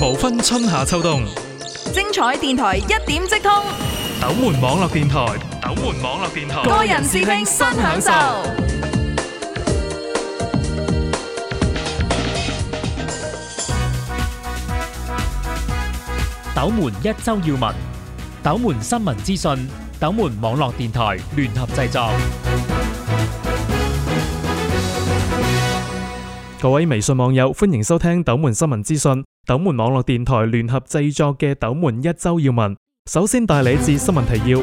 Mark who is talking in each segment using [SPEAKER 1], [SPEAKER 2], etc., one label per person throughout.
[SPEAKER 1] 無分春夏秋冬，精彩電台一點即通。斗門網絡電台，斗門網絡電台，個人視聽，新享受。斗門一周要聞，斗門新聞資訊，斗門網絡電台聯合製作。製各位微信網友，歡迎收聽斗門新聞資訊。斗門網絡電台聯合製作嘅《斗門一周要聞》，首先帶你至新聞提要。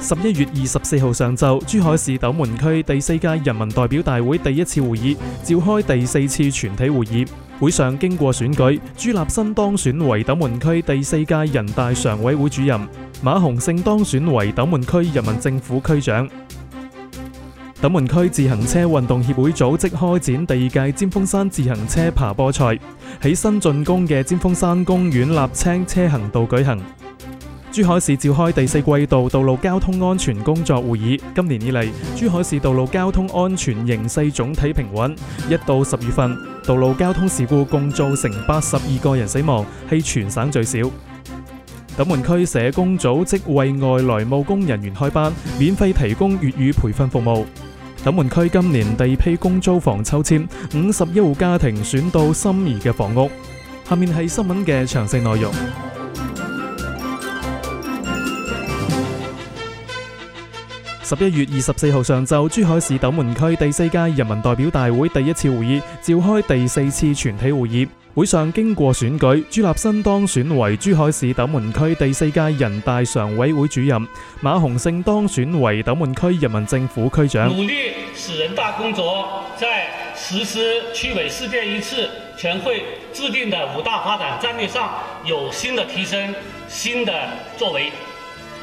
[SPEAKER 1] 十一月二十四號上晝，珠海市斗門區第四屆人民代表大會第一次會議召開第四次全體會議，會上經過選舉，朱立新當選為斗門區第四屆人大常委會主任，馬洪勝當選為斗門區人民政府區長。斗門區自行車運動協會組織開展第二屆尖峰山自行車爬坡賽，喺新進攻嘅尖峰山公園瀝青車行道舉行。珠海市召開第四季度道，道路交通安全工作會議，今年以嚟，珠海市道路交通安全形勢總體平穩。一到十月份，道路交通事故共造成八十二個人死亡，係全省最少。斗門區社工組織為外來務工人員，員開班，免費提供粵語培訓服務。斗門區今年第二批公租房抽簽，五十一戶家庭選到心儀嘅房屋。下面係新聞嘅詳細內容。十一月二十四號上晝，珠海市斗門區第四屆人民代表大會第一次會議召開第四次全體會議。會上經過選舉，朱立新當選為珠海市斗門區第四屆人大常委會主任，馬洪勝當選為斗門區人民政府區長。努力使人大工作在實施區委四屆一次全會制定的五大發展戰略上有新的提升、新的作為。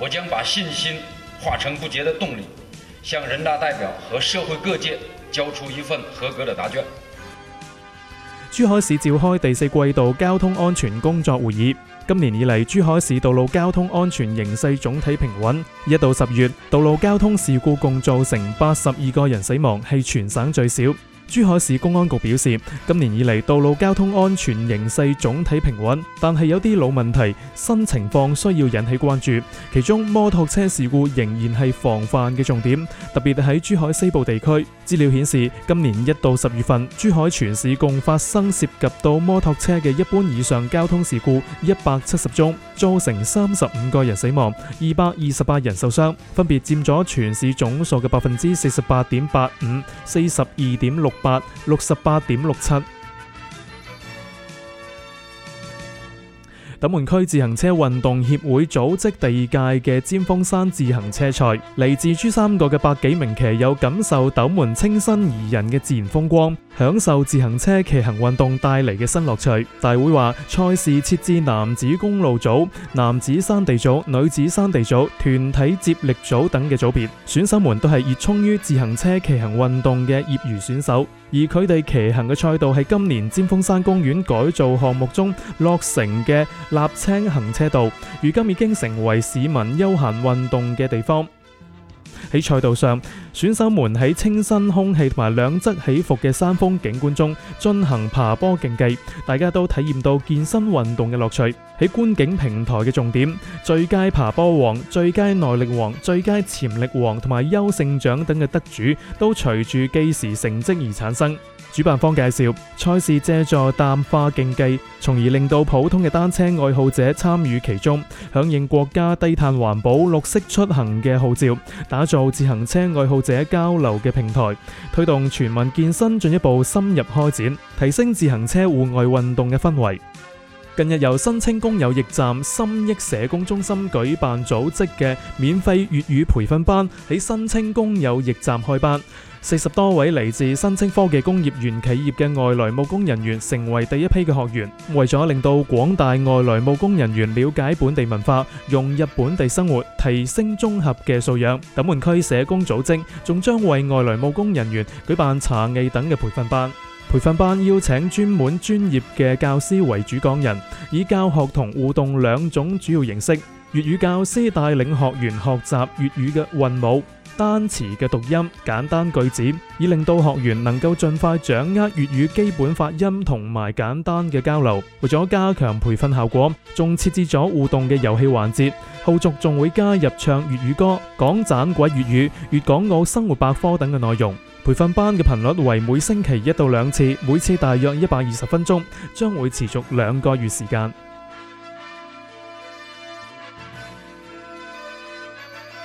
[SPEAKER 1] 我將把信心化成不竭的動力，向人大代表和社會各界交出一份合格的答卷。珠海市召開第四季度交通安全工作會議。今年以嚟，珠海市道路交通安全形勢總體平穩。一到十月，道路交通事故共造成八十二個人死亡，係全省最少。珠海市公安局表示，今年以嚟道路交通安全形勢總體平穩，但係有啲老問題、新情況需要引起關注。其中，摩托車事故仍然係防範嘅重點，特別喺珠海西部地區。資料顯示，今年一到十月份，珠海全市共發生涉及到摩托車嘅一般以上交通事故一百七十宗，造成三十五個人死亡、二百二十八人受傷，分別佔咗全市總數嘅百分之四十八點八五、四十二點六。八六十八點六七，斗門區自行車運動協會組織第二屆嘅尖峰山自行車賽，嚟自珠三角嘅百幾名騎友感受斗門清新宜人嘅自然風光。享受自行車騎行運動帶嚟嘅新樂趣。大會話賽事設置男子公路組、男子山地組、女子山地組、團體接力組等嘅組別，選手們都係熱衷於自行車騎行運動嘅業餘選手，而佢哋騎行嘅賽道係今年尖峰山公園改造項目中落成嘅立青行車道，如今已經成為市民休閒運動嘅地方。喺賽道上，選手們喺清新空氣同埋兩側起伏嘅山峰景觀中進行爬坡競技，大家都體驗到健身運動嘅樂趣。喺觀景平台嘅重點，最佳爬坡王、最佳耐力王、最佳潛力王同埋優勝獎等嘅得主都隨住計時成績而產生。主辦方介紹，賽事借助淡化競技，從而令到普通嘅單車愛好者參與其中，響應國家低碳環保、綠色出行嘅號召，打造自行車愛好者交流嘅平台，推動全民健身進一步深入開展，提升自行車戶外運動嘅氛圍。近日由新青工友驛站深益社工中心舉辦組織嘅免費粵語培訓班喺新青工友驛站開班。四十多位嚟自新青科技工業園企業嘅外來務工人員成為第一批嘅學員，為咗令到廣大外來務工人員瞭解本地文化、融入本地生活、提升綜合嘅素養，斗門區社工組織仲將為外來務工人員舉辦茶藝等嘅培訓班。培訓班邀請專門專業嘅教師為主講人，以教學同互動兩種主要形式，粵語教師帶領學員學習粵語嘅韻母。單詞嘅讀音，簡單句子，以令到學員能夠盡快掌握粵語基本發音同埋簡單嘅交流。為咗加強培訓效果，仲設置咗互動嘅遊戲環節，後續仲會加入唱粵語歌、講盞鬼粵語、粵港澳生活百科等嘅內容。培訓班嘅頻率為每星期一到兩次，每次大約一百二十分鐘，將會持續兩個月時間。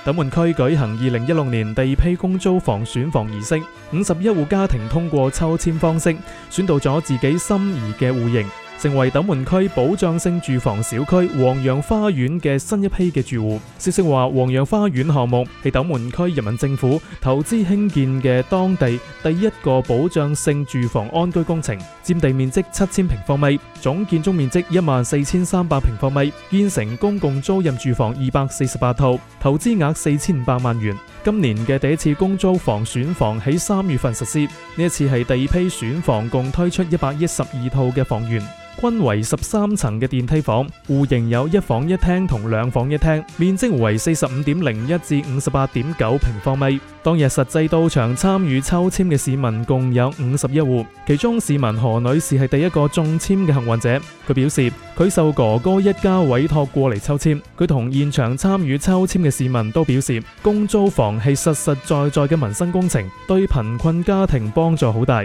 [SPEAKER 1] 斗門區舉行二零一六年第二批公租房選房儀式，五十一戶家庭通過抽籤方式，選到咗自己心儀嘅戶型。成為斗門區保障性住房小區黃洋花園嘅新一批嘅住戶。消息話，黃洋花園項目係斗門區人民政府投資興建嘅當地第一個保障性住房安居工程，佔地面積七千平方米，總建築面積一萬四千三百平方米，建成公共租賃住房二百四十八套，投資額四千五百萬元。今年嘅第一次公租房選房喺三月份實施，呢一次係第二批選房，共推出一百一十二套嘅房源。均為十三層嘅電梯房，戶型有一房一廳同兩房一廳，面積為四十五點零一至五十八點九平方米。當日實際到場參與抽簽嘅市民共有五十一戶，其中市民何女士係第一個中簽嘅幸運者。佢表示，佢受哥哥一家委託過嚟抽簽。佢同現場參與抽簽嘅市民都表示，公租房係實實在在嘅民生工程，對貧困家庭幫助好大。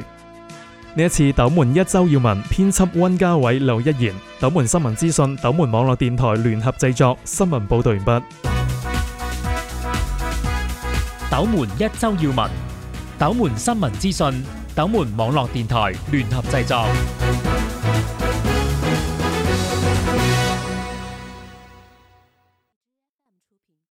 [SPEAKER 1] 呢一次《斗門一周要聞》編輯溫家偉劉一言，《斗門新聞資訊》《斗門網絡電台》聯合製作。新聞報道完畢。《斗門一周要聞》《斗門新聞資訊》《斗門網絡電台》聯合製作。